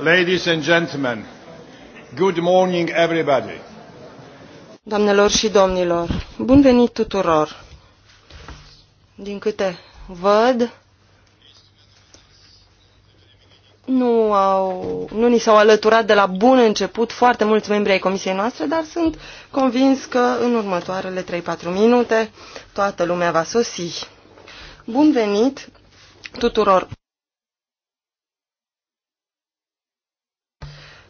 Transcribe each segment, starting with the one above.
Ladies and gentlemen, good morning everybody. Doamnelor și domnilor, bun venit tuturor. Din câte văd, nu, au, nu ni s-au alăturat de la bun început foarte mulți membri ai comisiei noastre, dar sunt convins că în următoarele 3-4 minute toată lumea va sosi. Bun venit tuturor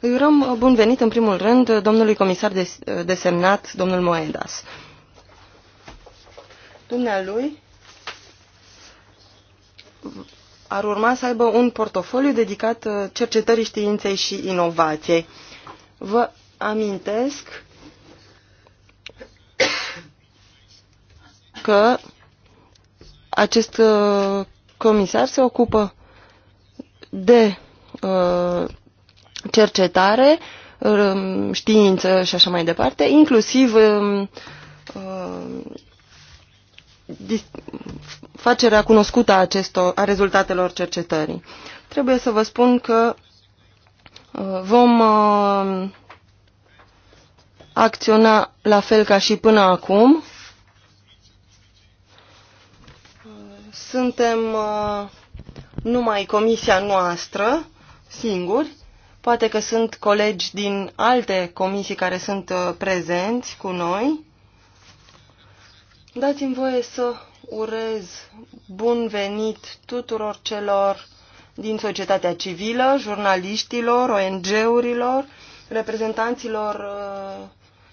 Îi urăm uh, bun venit în primul rând uh, domnului comisar uh, desemnat, domnul Moedas. Dumnealui ar urma să aibă un portofoliu dedicat cercetării științei și inovației. Vă amintesc că acest comisar se ocupă de cercetare, știință și așa mai departe, inclusiv uh, facerea cunoscută a, acestor, a rezultatelor cercetării. Trebuie să vă spun că uh, vom uh, acționa la fel ca și până acum. Suntem numai comisia noastră, singuri, Poate că sunt colegi din alte comisii care sunt uh, prezenți cu noi. Dați-mi voie să urez bun venit tuturor celor din societatea civilă, jurnaliștilor, ONG-urilor, reprezentanților uh,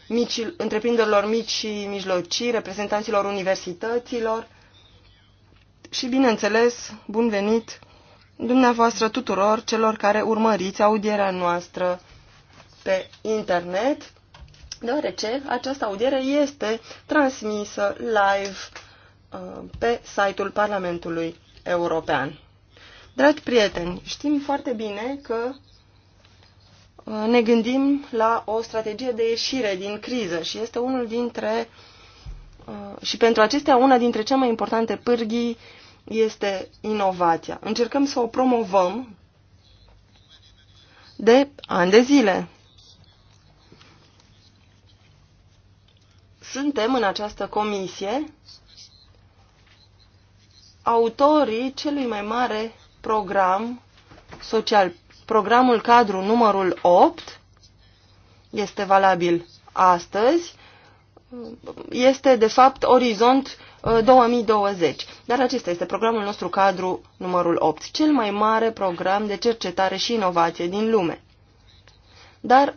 mici, întreprinderilor mici și mijlocii, reprezentanților universităților și, bineînțeles, bun venit dumneavoastră tuturor celor care urmăriți audierea noastră pe internet, deoarece această audiere este transmisă live uh, pe site-ul Parlamentului European. Dragi prieteni, știm foarte bine că uh, ne gândim la o strategie de ieșire din criză și este unul dintre uh, și pentru acestea una dintre cele mai importante pârghii este inovația. Încercăm să o promovăm de ani de zile. Suntem în această comisie autorii celui mai mare program social. Programul cadru numărul 8 este valabil astăzi. Este, de fapt, Orizont 2020. Uh, Dar acesta este programul nostru cadru numărul 8, cel mai mare program de cercetare și inovație din lume. Dar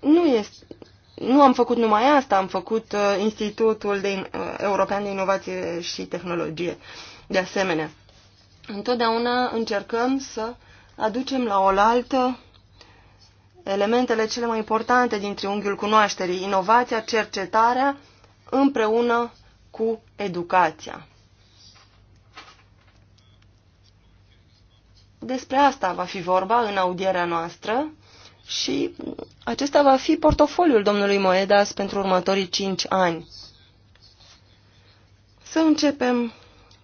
nu, este, nu am făcut numai asta, am făcut uh, Institutul de, uh, European de Inovație și Tehnologie. De asemenea, întotdeauna încercăm să aducem la oaltă elementele cele mai importante din triunghiul cunoașterii, inovația, cercetarea, împreună cu educația. Despre asta va fi vorba în audierea noastră și acesta va fi portofoliul domnului Moedas pentru următorii cinci ani. Să începem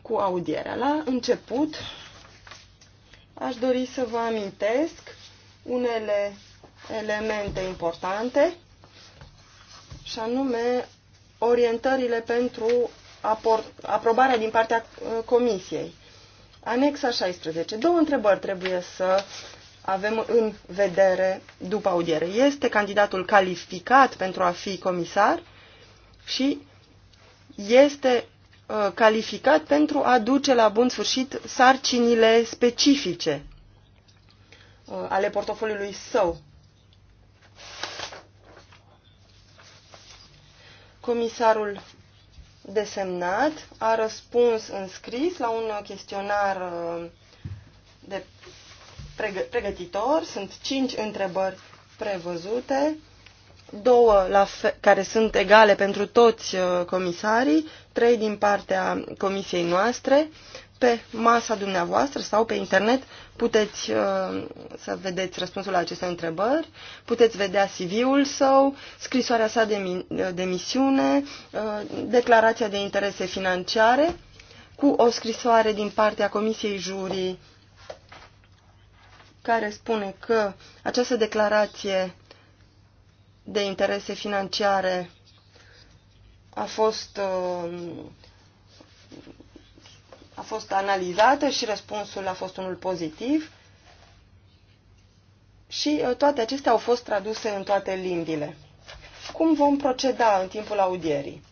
cu audierea. La început aș dori să vă amintesc unele elemente importante și anume orientările pentru aprobarea din partea uh, Comisiei. Anexa 16. Două întrebări trebuie să avem în vedere după audiere. Este candidatul calificat pentru a fi comisar și este uh, calificat pentru a duce la bun sfârșit sarcinile specifice uh, ale portofoliului său. Comisarul desemnat a răspuns în scris la un chestionar uh, de pregătitor. Sunt cinci întrebări prevăzute, două la fe- care sunt egale pentru toți uh, comisarii, trei din partea comisiei noastre pe masa dumneavoastră sau pe internet puteți uh, să vedeți răspunsul la aceste întrebări, puteți vedea CV-ul său, scrisoarea sa de, mi de misiune, uh, declarația de interese financiare, cu o scrisoare din partea Comisiei Jurii care spune că această declarație de interese financiare a fost uh, a fost analizată și răspunsul a fost unul pozitiv și uh, toate acestea au fost traduse în toate limbile. Cum vom proceda în timpul audierii?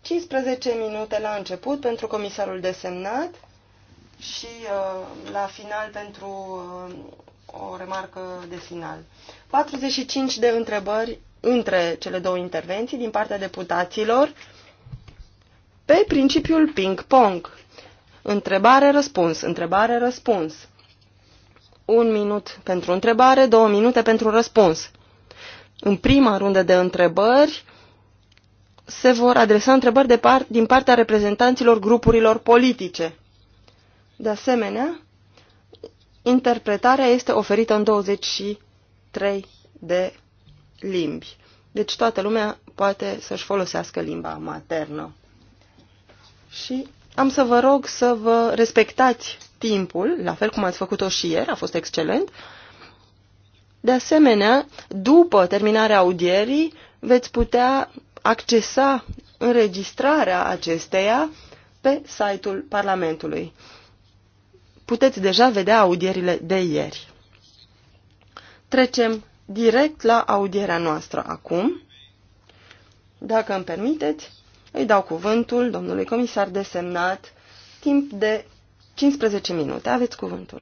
15 minute la început pentru comisarul desemnat și uh, la final pentru uh, o remarcă de final. 45 de întrebări între cele două intervenții din partea deputaților pe principiul ping-pong. Întrebare-răspuns, întrebare-răspuns. Un minut pentru întrebare, două minute pentru răspuns. În prima rundă de întrebări se vor adresa întrebări de par din partea reprezentanților grupurilor politice. De asemenea, interpretarea este oferită în 23 de limbi. Deci toată lumea poate să-și folosească limba maternă. Și am să vă rog să vă respectați timpul, la fel cum ați făcut-o și ieri, a fost excelent. De asemenea, după terminarea audierii, veți putea accesa înregistrarea acesteia pe site-ul Parlamentului. Puteți deja vedea audierile de ieri. Trecem direct la audierea noastră acum. Dacă îmi permiteți, îi dau cuvântul domnului comisar desemnat timp de 15 minute. Aveți cuvântul.